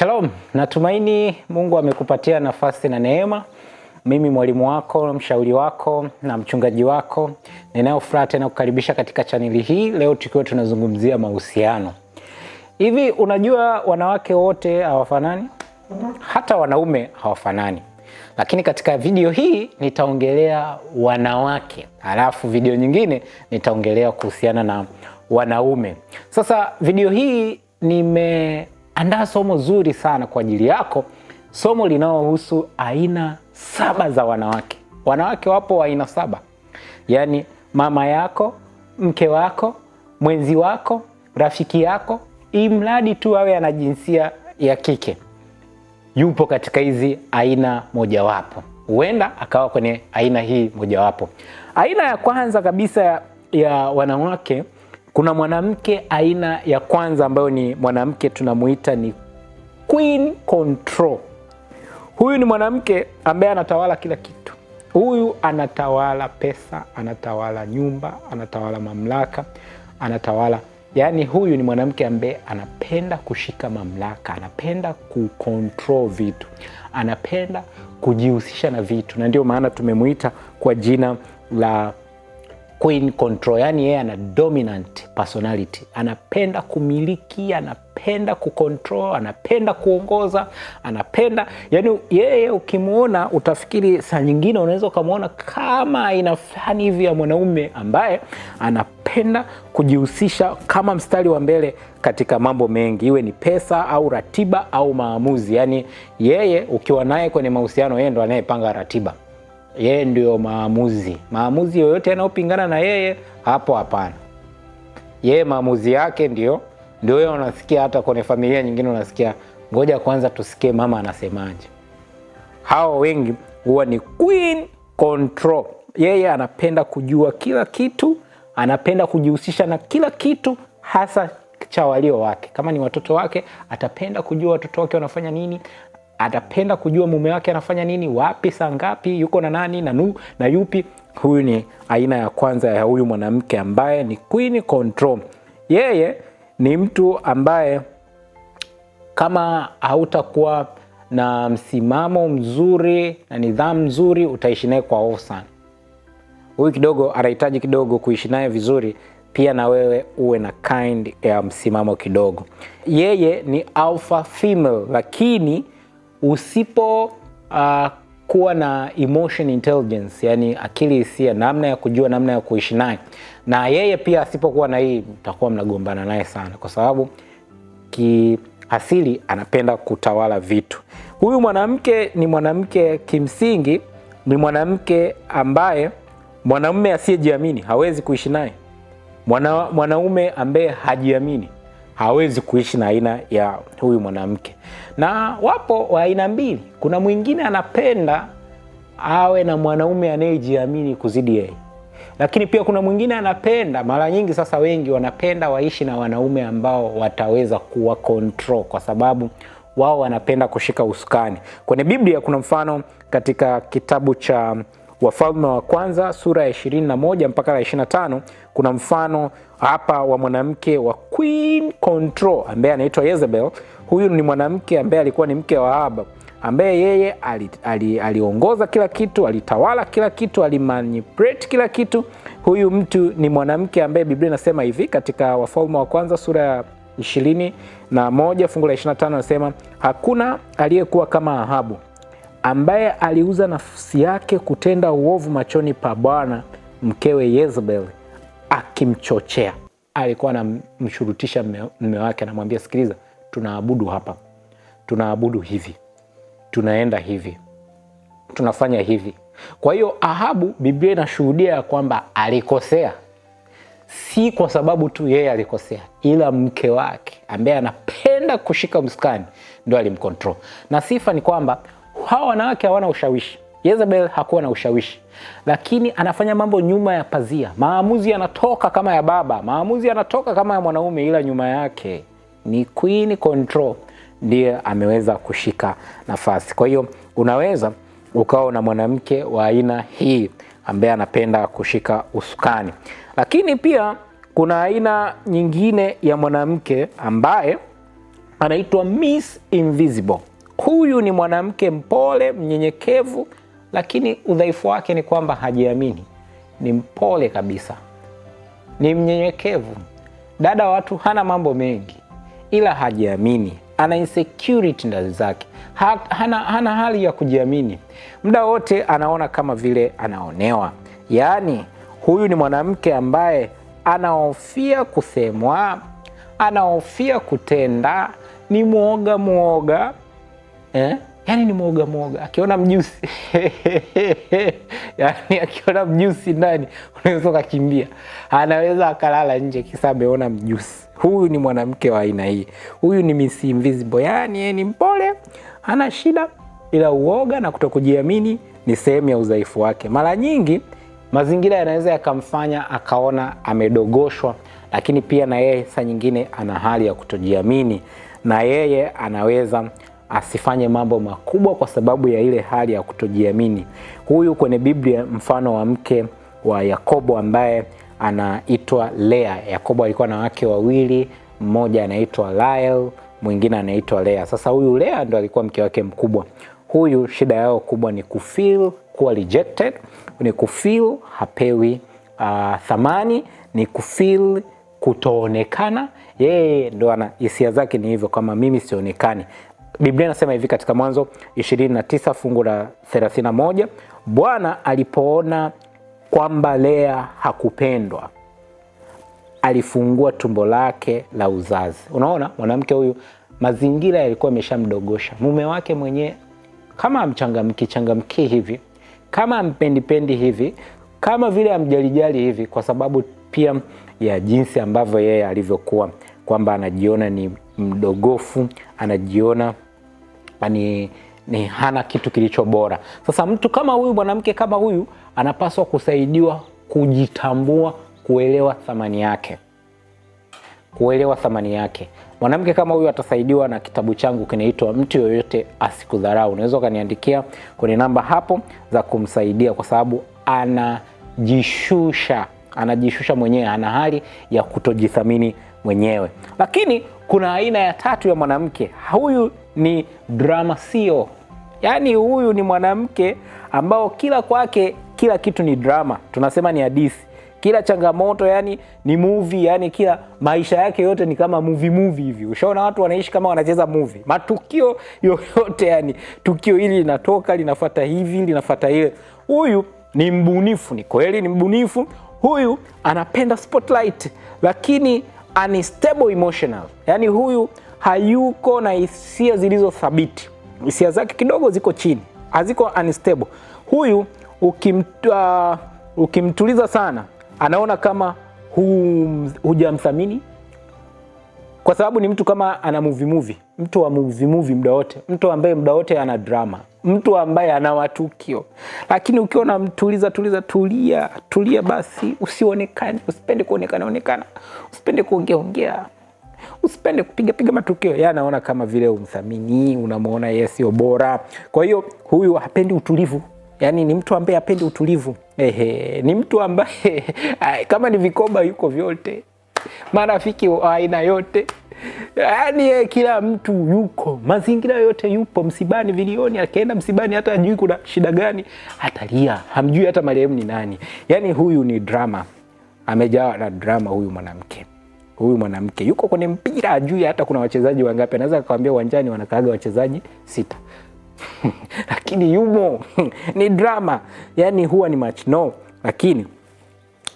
Shalom, natumaini Mungu amekupatia nafasi na neema. Mimi mwalimu wako, mshauri wako na mchungaji wako, ninayo furaha tena kukaribisha katika chaneli hii leo, tukiwa tunazungumzia mahusiano. Hivi unajua wanawake wote hawafanani, hata wanaume hawafanani, lakini katika video hii nitaongelea wanawake, halafu video nyingine nitaongelea kuhusiana na wanaume. Sasa video hii nime Andaa somo zuri sana kwa ajili yako, somo linalohusu aina saba za wanawake. Wanawake wapo wa aina saba, yaani mama yako, mke wako, mwenzi wako, rafiki yako, ili mradi tu awe ana jinsia ya kike, yupo katika hizi aina mojawapo, huenda akawa kwenye aina hii mojawapo. Aina ya kwanza kabisa ya wanawake kuna mwanamke aina ya kwanza ambayo ni mwanamke tunamuita ni Queen Control. Huyu ni mwanamke ambaye anatawala kila kitu. Huyu anatawala pesa, anatawala nyumba, anatawala mamlaka, anatawala yaani, huyu ni mwanamke ambaye anapenda kushika mamlaka, anapenda kucontrol vitu, anapenda kujihusisha na vitu, na ndio maana tumemuita kwa jina la queen control, yani yeye ana dominant personality, anapenda kumiliki, anapenda kucontrol, anapenda kuongoza, anapenda yani, yeye ukimwona utafikiri saa nyingine unaweza ukamwona kama aina fulani hivi ya mwanaume ambaye anapenda kujihusisha kama mstari wa mbele katika mambo mengi, iwe ni pesa au ratiba au maamuzi. Yani yeye ukiwa naye kwenye mahusiano, yeye ndo anayepanga ratiba yeye ndio maamuzi. Maamuzi yoyote yanayopingana na yeye hapo, hapana. Yeye maamuzi yake ndio ndio wewe unasikia. Hata kwenye familia nyingine unasikia, ngoja kwanza tusikie mama anasemaje. Hao wengi huwa ni queen control. Yeye anapenda kujua kila kitu, anapenda kujihusisha na kila kitu, hasa cha walio wake. Kama ni watoto wake, atapenda kujua watoto wake wanafanya nini, atapenda kujua mume wake anafanya nini, wapi, saa ngapi, yuko na nani na nu, na yupi. Huyu ni aina ya kwanza ya huyu mwanamke ambaye ni queen control. Yeye ni mtu ambaye kama hautakuwa na msimamo mzuri na nidhamu nzuri, utaishi naye kwa hofu sana. Huyu kidogo anahitaji kidogo kuishi naye vizuri, pia na wewe uwe na kind ya msimamo kidogo. Yeye ni alpha female lakini usipo uh, kuwa na emotion intelligence, yani akili hisia, namna ya kujua namna ya kuishi naye, na yeye pia asipokuwa na hii, mtakuwa mnagombana naye sana, kwa sababu kiasili anapenda kutawala vitu. Huyu mwanamke ni mwanamke kimsingi, ni mwanamke ambaye mwanamume asiyejiamini hawezi kuishi naye, mwanaume ambaye hajiamini hawezi kuishi na aina ya huyu mwanamke. Na wapo wa aina mbili, kuna mwingine anapenda awe na mwanaume anayejiamini kuzidi yeye, lakini pia kuna mwingine anapenda, mara nyingi sasa wengi wanapenda waishi na wanaume ambao wataweza kuwa control, kwa sababu wao wanapenda kushika usukani. Kwenye Biblia kuna mfano katika kitabu cha Wafalme wa Kwanza sura ya ishirini mpaka la ishirini kuna mfano hapa wa mwanamke wa Queen Control ambaye anaitwa Jezebel. Huyu ni mwanamke ambaye alikuwa ni mke wa Ahab ambaye yeye ali, ali, aliongoza kila kitu, alitawala kila kitu, alimanipulate kila kitu. Huyu mtu ni mwanamke ambaye Biblia inasema hivi katika Wafalme wa Kwanza sura ya ishirini na moja fungu la 25 anasema hakuna aliyekuwa kama Ahabu ambaye aliuza nafsi yake kutenda uovu machoni pa Bwana, mkewe yezebel akimchochea. Alikuwa anamshurutisha mme wake, anamwambia sikiliza, tunaabudu hapa, tunaabudu hivi, tunaenda hivi, tunafanya hivi. Kwa hiyo Ahabu, Biblia inashuhudia ya kwamba alikosea, si kwa sababu tu yeye alikosea, ila mke wake ambaye anapenda kushika msukani ndo alimkontrol. Na sifa ni kwamba hawa wanawake hawana ushawishi. Yezebel hakuwa na ushawishi, lakini anafanya mambo nyuma ya pazia. Maamuzi yanatoka kama ya baba, maamuzi yanatoka kama ya mwanaume, ila nyuma yake ni queen control ndiye ameweza kushika nafasi. Kwa hiyo unaweza ukawa na mwanamke wa aina hii ambaye anapenda kushika usukani, lakini pia kuna aina nyingine ya mwanamke ambaye anaitwa Miss Invisible. Huyu ni mwanamke mpole, mnyenyekevu, lakini udhaifu wake ni kwamba hajiamini. Ni mpole kabisa, ni mnyenyekevu, dada watu, hana mambo mengi, ila hajiamini ana insecurity ndani zake, hana, hana hali ya kujiamini. Muda wote anaona kama vile anaonewa. Yaani huyu ni mwanamke ambaye anahofia kusemwa, anahofia kutenda, ni mwoga mwoga, eh? Yani ni mwoga mwoga, akiona mjusi yani akiona mjusi ndani unaweza ukakimbia, anaweza akalala nje kisa ameona mjusi. Huyu ni mwanamke wa aina hii, huyu ni Miss Invisible. Yani yeye ni mpole, hana shida, ila uoga na kutokujiamini ni sehemu ya udhaifu wake. Mara nyingi mazingira yanaweza yakamfanya akaona amedogoshwa, lakini pia na yeye saa nyingine ana hali ya kutojiamini, na yeye anaweza asifanye mambo makubwa kwa sababu ya ile hali ya kutojiamini. Huyu kwenye Biblia mfano wa mke wa Yakobo ambaye anaitwa Lea. Yakobo alikuwa na wake wawili, mmoja anaitwa Rael, mwingine anaitwa Lea. Sasa huyu Lea ndo alikuwa mke wake mkubwa. Huyu shida yao kubwa ni kufeel kuwa rejected, ni kufeel hapewi uh, thamani, ni kufeel kutoonekana. Yeye ndo ana hisia zake ni hivyo, kama mimi sionekani. Biblia inasema hivi katika Mwanzo 29 fungu la 31, Bwana alipoona kwamba Lea hakupendwa alifungua tumbo lake la uzazi. Unaona, mwanamke huyu mazingira yalikuwa yameshamdogosha mume wake mwenyewe, kama amchangamki changamki hivi, kama ampendipendi hivi, kama vile amjalijali hivi, kwa sababu pia ya jinsi ambavyo yeye alivyokuwa, kwamba anajiona ni mdogofu, anajiona hapa ni, ni hana kitu kilicho bora. Sasa mtu kama huyu, mwanamke kama huyu anapaswa kusaidiwa kujitambua, kuelewa thamani yake, kuelewa thamani yake. Mwanamke kama huyu atasaidiwa na kitabu changu kinaitwa Mtu Yoyote Asikudharau. Unaweza ukaniandikia kwenye namba hapo za kumsaidia, kwa sababu anajishusha anajishusha mwenyewe, ana hali ya kutojithamini mwenyewe. Lakini kuna aina ya tatu ya mwanamke huyu, ni drama sio. Yaani huyu ni mwanamke ambao kila kwake kila kitu ni drama, tunasema ni hadithi, kila changamoto yani ni movie, yani kila maisha yake yote ni kama movie movie hivi. Ushaona watu wanaishi kama wanacheza movie, matukio yoyote yani tukio hili linatoka linafata hivi linafata ile. Huyu ni mbunifu, ni kweli ni mbunifu. Huyu anapenda spotlight, lakini unstable emotional, yani huyu hayuko na hisia zilizo thabiti, hisia zake kidogo ziko chini, haziko unstable. Huyu ukimtu, uh, ukimtuliza sana, anaona kama hu, hujamthamini kwa sababu ni mtu kama ana movie movie, mtu wa movie movie muda wote, mtu ambaye muda wote ana drama, mtu ambaye ana matukio. Lakini ukiwa unamtuliza tuliza, tulia tulia, basi usionekane, usipende kuonekana onekana, usipende kuongea ongea usipende kupiga piga matukio. Yeye anaona kama vile umthamini, unamwona yeye sio bora. Kwa hiyo huyu hapendi utulivu. yani ni mtu ambaye hapendi utulivu. Ehe, ni mtu ambaye kama ni vikoba yuko vyote. Marafiki aina yote. Yaani kila mtu yuko, mazingira yote yupo, msibani, vilioni, akienda msibani hata ajui kuna shida gani, atalia, hamjui hata marehemu ni nani. Yaani huyu ni drama. Amejawa na drama huyu mwanamke huyu mwanamke yuko kwenye mpira, ajui hata kuna wachezaji wangapi. Anaweza akawambia uwanjani wanakaaga wachezaji sita lakini yumo ni drama, yani huwa ni match no, lakini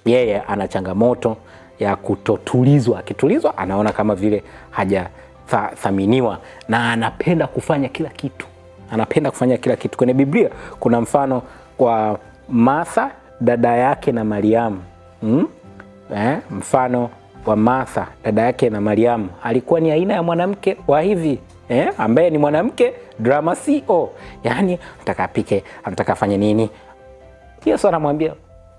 yeye yeah, ana changamoto ya kutotulizwa. Akitulizwa anaona kama vile hajathaminiwa tha, na anapenda kufanya kila kitu, anapenda kufanya kila kitu. Kwenye Biblia kuna mfano kwa Martha dada yake na Mariamu hmm? eh, mfano wa Martha dada yake na Mariamu alikuwa ni aina ya mwanamke wa hivi eh, ambaye ni mwanamke drama CEO, yaani anataka apike, anataka afanye nini. Yesu anamwambia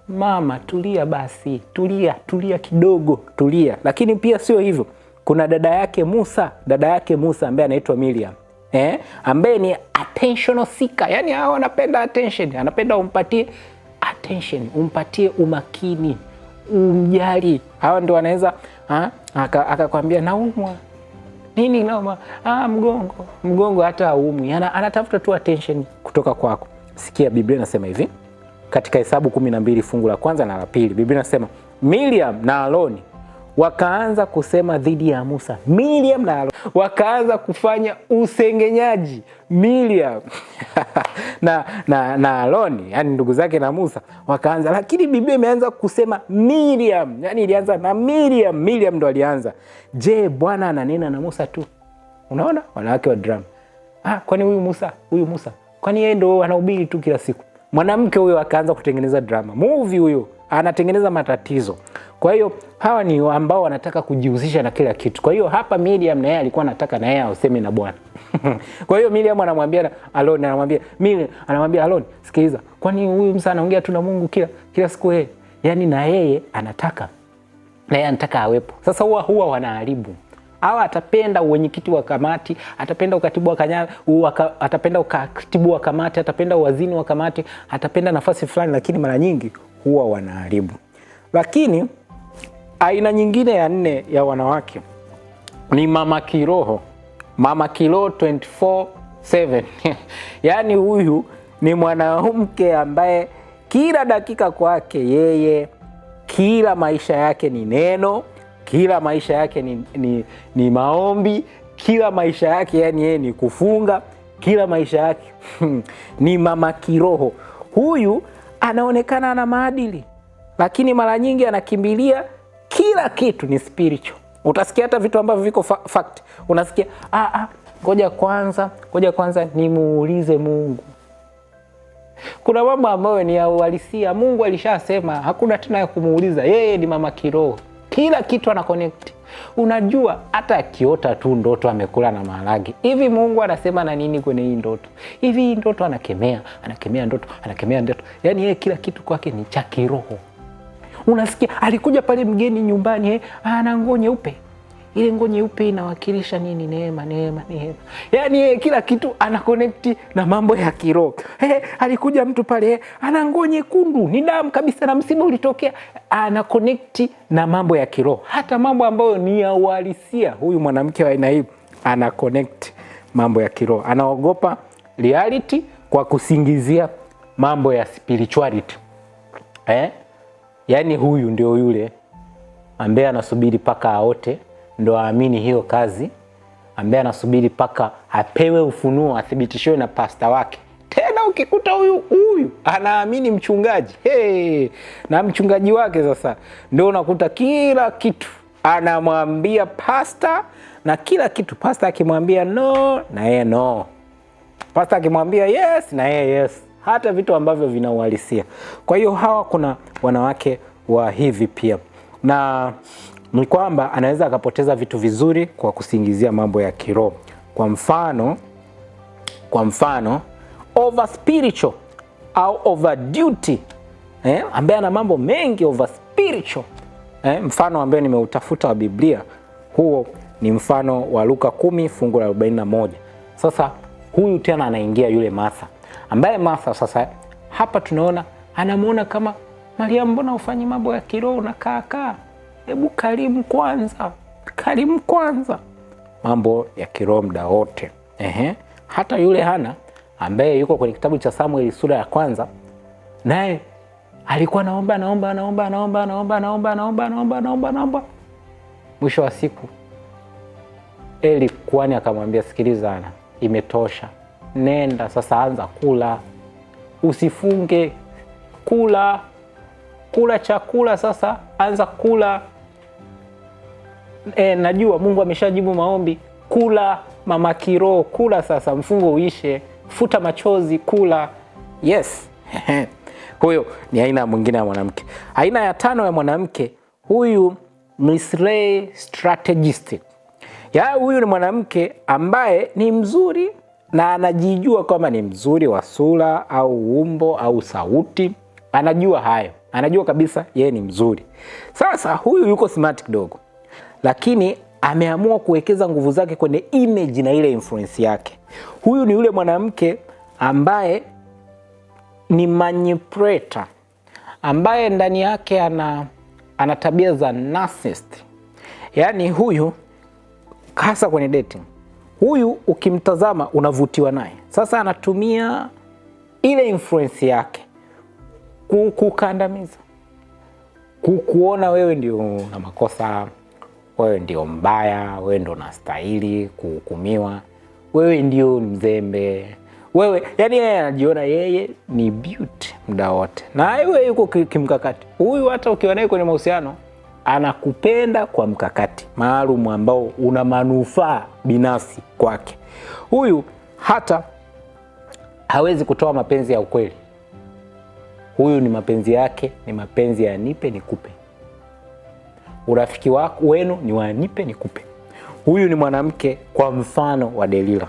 mama, tulia basi, tulia, tulia kidogo, tulia. Lakini pia sio hivyo, kuna dada yake Musa, dada yake Musa ambaye anaitwa Miriam eh, ambaye ni attentional seeker, yaani hao anapenda attention, anapenda umpatie attention, umpatie umakini umjali. Hawa ndo wanaweza akakwambia aka naumwa nini, naumwa ah, mgongo. Mgongo hata aumwi anatafuta tu attention kutoka kwako. Sikia, Biblia inasema hivi katika Hesabu kumi na mbili fungu la kwanza na la pili, Biblia inasema Miriam na Aroni wakaanza kusema dhidi ya Musa, Miriam na Haruni wakaanza kufanya usengenyaji Miriam na na na Haruni, yani ndugu zake na Musa wakaanza, lakini Biblia imeanza kusema Miriam, yani ilianza na Miriam, Miriam ndo alianza. Je, Bwana ananena na Musa tu? Unaona wanawake wa drama. Ah, kwani huyu Musa huyu Musa, kwani yeye ndo anahubiri tu kila siku? Mwanamke huyo akaanza kutengeneza drama movie huyo anatengeneza matatizo. Kwa hiyo hawa ni ambao wanataka kujihusisha na kila kitu. Kwa hiyo hapa Miriam na yeye alikuwa anataka na yeye auseme na Bwana. Kwa hiyo Miriam anamwambia Aroni, anamwambia Miriam, anamwambia Aroni, sikiliza, kwani huyu msa anaongea tu na Mungu kila kila siku yeye? Yaani na yeye anataka na yeye anataka awepo. Sasa huwa huwa wanaharibu hawa atapenda uwenyekiti wa kamati, atapenda ukatibu wa kanya, uwaka, atapenda ukatibu wa kamati, atapenda uwazini wa kamati, atapenda nafasi fulani, lakini mara nyingi huwa wanaharibu. Lakini aina nyingine ya nne ya wanawake ni mama kiroho, mama kiroho 24/7 yaani huyu ni mwanamke ambaye kila dakika kwake yeye, kila maisha yake ni neno, kila maisha yake ni, ni, ni maombi, kila maisha yake yani yeye ni kufunga, kila maisha yake ni mama kiroho huyu anaonekana ana maadili, lakini mara nyingi anakimbilia kila kitu ni spiritual. Utasikia hata vitu ambavyo viko fa fact, unasikia ah, ah, ngoja kwanza, ngoja kwanza nimuulize Mungu. Kuna mambo ambayo ni ya uhalisia, Mungu alishasema, hakuna tena ya kumuuliza. Yeye ni mama kiroho, kila kitu ana connect Unajua hata akiota tu ndoto amekula na maharage hivi, Mungu anasema na nini kwenye hii ndoto? Hivi hii ndoto anakemea, anakemea ndoto, anakemea ndoto. Yani yeye kila kitu kwake ni cha kiroho. Unasikia alikuja pale mgeni nyumbani, eh, ana nguo nyeupe ile nguo nyeupe inawakilisha nini? Neema, neema, neema. Yani kila kitu ana connect na mambo ya kiroho. Alikuja mtu pale ana nguo nyekundu, ni damu kabisa, na msiba ulitokea, ana connect na mambo ya kiroho, hata mambo ambayo ni ya uhalisia. Huyu mwanamke wa aina hii ana connect mambo ya kiroho, anaogopa reality kwa kusingizia mambo ya spirituality eh? Yaani huyu ndio yule ambaye anasubiri paka aote ndo aamini hiyo kazi, ambaye anasubiri mpaka apewe ufunuo athibitishiwe na pasta wake. Tena ukikuta huyu huyu anaamini mchungaji hey, na mchungaji wake sasa, ndo unakuta kila kitu anamwambia pasta na kila kitu. Pasta akimwambia no, na yeye no. Pasta akimwambia yes, na yeye yes, hata vitu ambavyo vinauhalisia. Kwa hiyo hawa, kuna wanawake wa hivi pia na ni kwamba anaweza akapoteza vitu vizuri kwa kusingizia mambo ya kiroho. Kwa mfano, kwa mfano over spiritual au over duty eh, ambaye ana mambo mengi over spiritual eh, mfano ambaye nimeutafuta wa Biblia huo ni mfano wa Luka 10 fungu la 41. Sasa huyu tena anaingia yule Martha, ambaye Martha sasa hapa tunaona anamwona kama Mariamu, mbona ufanyi mambo ya kiroho na hebu karimu kwanza, karimu kwanza, mambo ya kiroho muda wote. Ehe, hata yule Hana ambaye yuko kwenye kitabu cha Samueli sura ya kwanza, naye alikuwa naomba naomba naomba naomba naomba naomba naomba naomba naomba naomba, mwisho wa siku Eli kwani akamwambia, sikiliza Hana, imetosha, nenda sasa, anza kula, usifunge, kula kula chakula sasa, anza kula e, najua Mungu ameshajibu maombi. Kula mama kiroho, kula sasa, mfungo uishe, futa machozi, kula. Yes. Huyo ni aina mwingine ya mwanamke. Aina ya tano ya mwanamke huyu Mislay strategist. Ya huyu ni mwanamke ambaye ni mzuri na anajijua kwamba ni mzuri wa sura au umbo au sauti, anajua hayo, anajua kabisa yeye ni mzuri. Sasa huyu yuko smart kidogo, lakini ameamua kuwekeza nguvu zake kwenye image na ile influence yake. Huyu ni yule mwanamke ambaye ni manipulator, ambaye ndani yake ana, ana tabia za narcissist. Yaani huyu hasa kwenye dating, huyu ukimtazama unavutiwa naye. Sasa anatumia ile influence yake kukandamiza, kukuona wewe ndio una makosa wewe ndio mbaya, wewe ndio unastahili kuhukumiwa, wewe ndio mzembe, wewe yani. Yeye anajiona yeye ni beauty muda wote, na wewe yuko kimkakati. Huyu hata ukiwa naye kwenye mahusiano anakupenda kwa mkakati maalum ambao una manufaa binafsi kwake. Huyu hata hawezi kutoa mapenzi ya ukweli. Huyu ni mapenzi yake, ni mapenzi ya nipe nikupe urafiki wako wenu ni wanipe nikupe. Huyu ni mwanamke kwa mfano wa Delila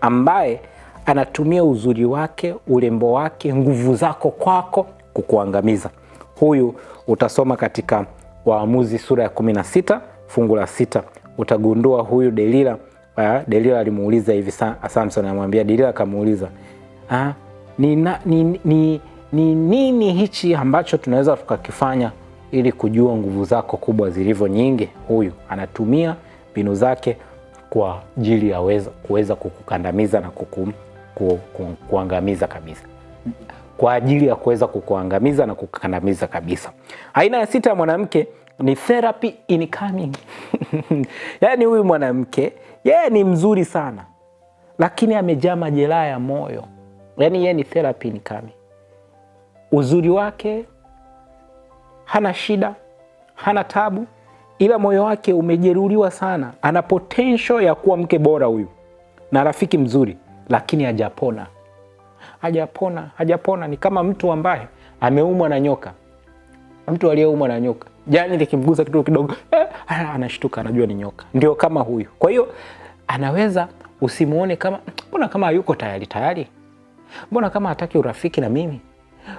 ambaye anatumia uzuri wake, urembo wake, nguvu zako kwako kukuangamiza. Huyu utasoma katika Waamuzi sura ya 16 fungu la sita. Utagundua huyu Delila, ah, Delila alimuuliza hivi Samson, anamwambia Delila akamuuliza ah, ni, ni, ni, ni nini hichi ambacho tunaweza tukakifanya ili kujua nguvu zako kubwa zilivyo nyingi. Huyu anatumia mbinu zake kwa ajili ya kuweza kukukandamiza na kuku, ku, ku, kuangamiza kabisa, kwa ajili ya kuweza kukuangamiza na kukandamiza kabisa. Aina ya sita ya mwanamke ni therapy incoming. Yaani huyu mwanamke yeye ni mzuri sana, lakini amejaa majeraha ya moyo. Yaani yeye ni therapy incoming, uzuri wake hana shida, hana tabu, ila moyo wake umejeruhiwa sana. Ana potential ya kuwa mke bora huyu na rafiki mzuri, lakini hajapona, hajapona, hajapona. Ni kama mtu ambaye ameumwa na nyoka. Mtu aliyeumwa na nyoka, jani likimgusa kitu kidogo, eh, ah, anashtuka, anajua ni nyoka. Ndio kama huyu. Kwa hiyo anaweza usimuone kama mbona kama hayuko tayari tayari, mbona kama hataki urafiki na mimi,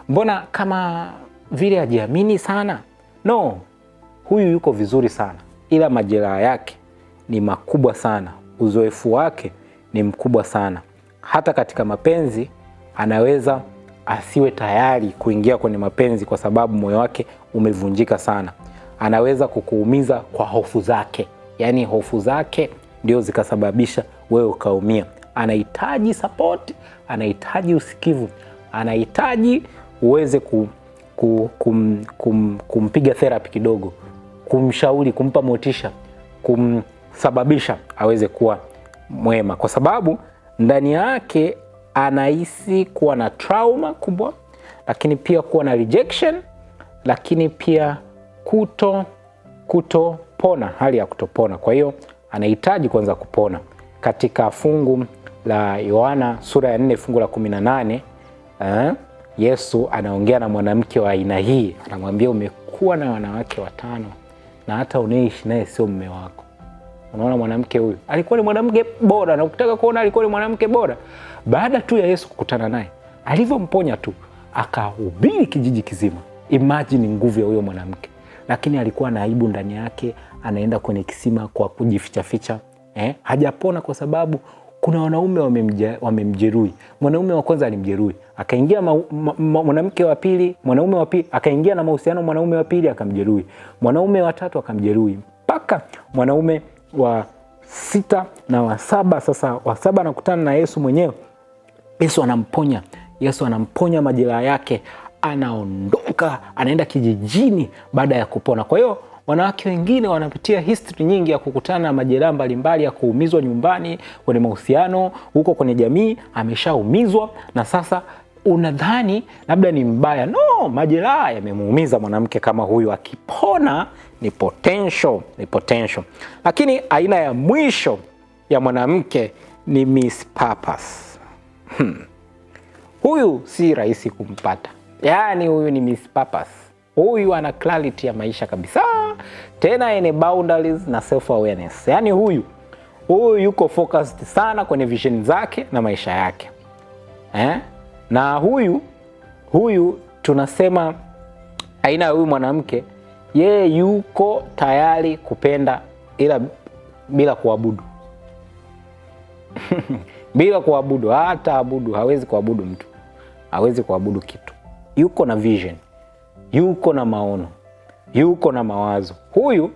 mbona kama vile hajiamini sana no, huyu yuko vizuri sana, ila majeraha yake ni makubwa sana, uzoefu wake ni mkubwa sana. Hata katika mapenzi anaweza asiwe tayari kuingia kwenye mapenzi kwa sababu moyo wake umevunjika sana. Anaweza kukuumiza kwa hofu zake, yaani hofu zake ndio zikasababisha wewe ukaumia. Anahitaji sapoti, anahitaji usikivu, anahitaji uweze ku kum, kum, kumpiga therapy kidogo, kumshauri, kumpa motisha, kumsababisha aweze kuwa mwema, kwa sababu ndani yake anahisi kuwa na trauma kubwa, lakini pia kuwa na rejection, lakini pia kuto kutopona, hali ya kutopona. Kwa hiyo anahitaji kwanza kupona. Katika fungu la Yohana sura ya 4 fungu la 18 eh, Yesu anaongea na mwanamke wa aina hii, anamwambia umekuwa na wanawake watano na hata unaishi naye sio mume wako. Unaona, mwanamke huyu alikuwa ni mwanamke bora, na ukitaka kuona alikuwa ni mwanamke bora, baada tu ya Yesu kukutana naye, alivyomponya tu akahubiri kijiji kizima. Imajini nguvu ya huyo mwanamke, lakini alikuwa na aibu ndani yake, anaenda kwenye kisima kwa kujifichaficha eh? Hajapona kwa sababu kuna wanaume wamemjeruhi. Mwanaume wa kwanza alimjeruhi, akaingia mwanamke wa pili, mwanaume wa pili akaingia na mahusiano, mwanaume wa pili akamjeruhi, mwanaume wa tatu akamjeruhi, mpaka mwanaume wa sita na wa saba. Sasa wa saba anakutana na Yesu mwenyewe, Yesu anamponya, Yesu anamponya majeraha yake, anaondoka, anaenda kijijini baada ya kupona. Kwa hiyo wanawake wengine wanapitia history nyingi ya kukutana na majeraha mbalimbali ya kuumizwa nyumbani, kwenye mahusiano, huko kwenye jamii, ameshaumizwa na sasa unadhani labda ni mbaya. No, majeraha yamemuumiza mwanamke kama huyu, akipona ni potential, ni potential. Lakini aina ya mwisho ya mwanamke ni miss purpose. Hmm. Huyu si rahisi kumpata, yaani huyu ni miss purpose huyu ana clarity ya maisha kabisa, tena ene boundaries na self awareness. Yaani huyu huyu yuko focused sana kwenye vision zake na maisha yake eh? na huyu huyu tunasema aina ya huyu mwanamke, yeye yuko tayari kupenda ila bila kuabudu bila kuabudu, hata abudu hawezi kuabudu mtu, hawezi kuabudu kitu, yuko na vision yuko na maono, yuko na mawazo. Huyu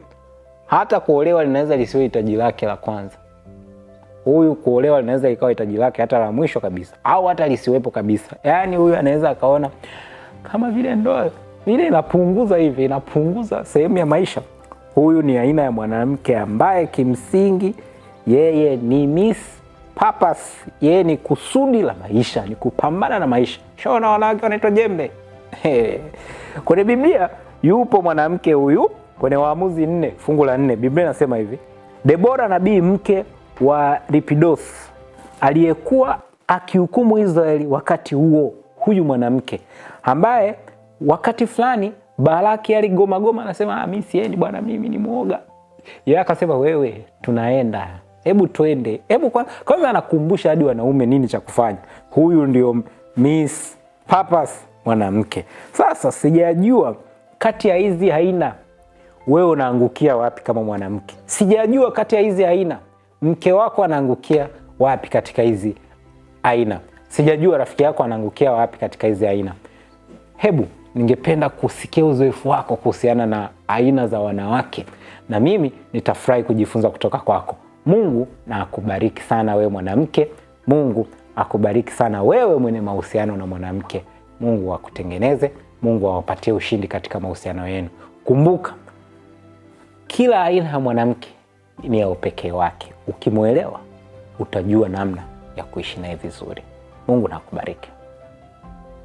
hata kuolewa linaweza lisiwe hitaji lake la kwanza. Huyu kuolewa linaweza likawa hitaji lake hata la mwisho kabisa, au hata lisiwepo kabisa. Yaani huyu anaweza akaona kama vile ndoa vile inapunguza hivi, inapunguza sehemu ya maisha. Huyu ni aina ya mwanamke ambaye kimsingi yeye ni miss purpose, yeye ni kusudi la maisha, ni kupambana na maisha. Shaona wanawake wanaitwa jembe Kwenye Biblia yupo mwanamke huyu kwenye Waamuzi nne fungu la nne Biblia inasema hivi, Debora nabii mke wa Lipidos aliyekuwa akihukumu Israeli wakati huo, huyu mwanamke ambaye wakati fulani Balaki aligomagoma, anasema ah, mi siendi bwana, mimi ni mwoga. Yeye akasema wewe, tunaenda hebu twende, hebu kwanza. Anakumbusha hadi wanaume nini cha kufanya. Huyu ndio Miss Purpose mwanamke. Sasa sijajua kati ya hizi haina wewe unaangukia wapi kama mwanamke? Sijajua kati ya hizi aina mke wako anaangukia wapi katika hizi aina? Sijajua rafiki yako anaangukia wapi katika hizi aina? Hebu ningependa kusikia uzoefu wako kuhusiana na aina za wanawake, na mimi nitafurahi kujifunza kutoka kwako. Mungu na akubariki sana wewe mwanamke. Mungu akubariki sana wewe mwenye mahusiano na mwanamke. Mungu akutengeneze, Mungu awapatie ushindi katika mahusiano yenu. Kumbuka kila aina ya mwanamke ni ya upekee wake. Ukimwelewa utajua namna ya kuishi naye vizuri. Mungu nakubariki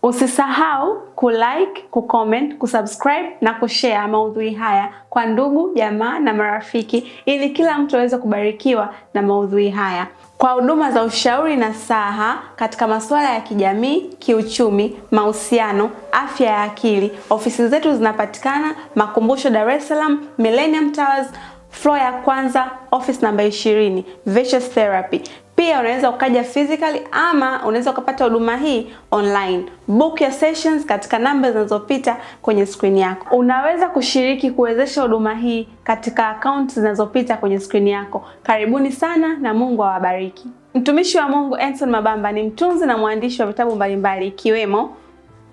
Usisahau kulike, kucomment, kusubscribe na kushare maudhui haya kwa ndugu, jamaa na marafiki ili kila mtu aweze kubarikiwa na maudhui haya. Kwa huduma za ushauri na saha katika masuala ya kijamii, kiuchumi, mahusiano, afya ya akili, ofisi zetu zinapatikana Makumbusho, Dar es Salaam, Millennium Towers, floor ya kwanza, office namba 20, Vicious Therapy. Pia unaweza ukaja physically ama unaweza ukapata huduma hii online. Book your sessions katika namba zinazopita kwenye screen yako. Unaweza kushiriki kuwezesha huduma hii katika akaunti zinazopita kwenye screen yako. Karibuni sana na Mungu awabariki. Mtumishi wa Mungu Enson Mabamba ni mtunzi na mwandishi wa vitabu mbalimbali ikiwemo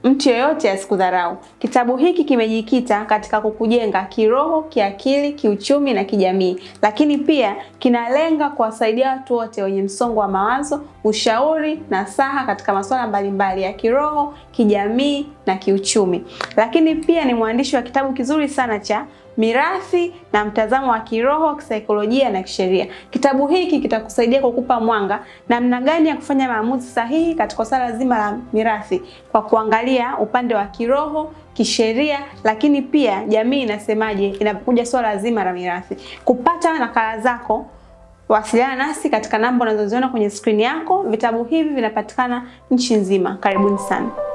Mtu yeyote asikudharau. Kitabu hiki kimejikita katika kukujenga kiroho, kiakili, kiuchumi na kijamii, lakini pia kinalenga kuwasaidia watu wote wenye msongo wa mawazo, ushauri na saha katika masuala mbalimbali ya kiroho, kijamii na kiuchumi. Lakini pia ni mwandishi wa kitabu kizuri sana cha mirathi na mtazamo wa kiroho, kisaikolojia na kisheria. Kitabu hiki kitakusaidia kukupa mwanga namna gani ya kufanya maamuzi sahihi katika swala zima la mirathi kwa kuangalia upande wa kiroho, kisheria, lakini pia jamii inasemaje inapokuja swala zima la mirathi. Kupata nakala zako Wasiliana nasi katika namba unazoziona kwenye skrini yako. Vitabu hivi vinapatikana nchi nzima. Karibuni sana.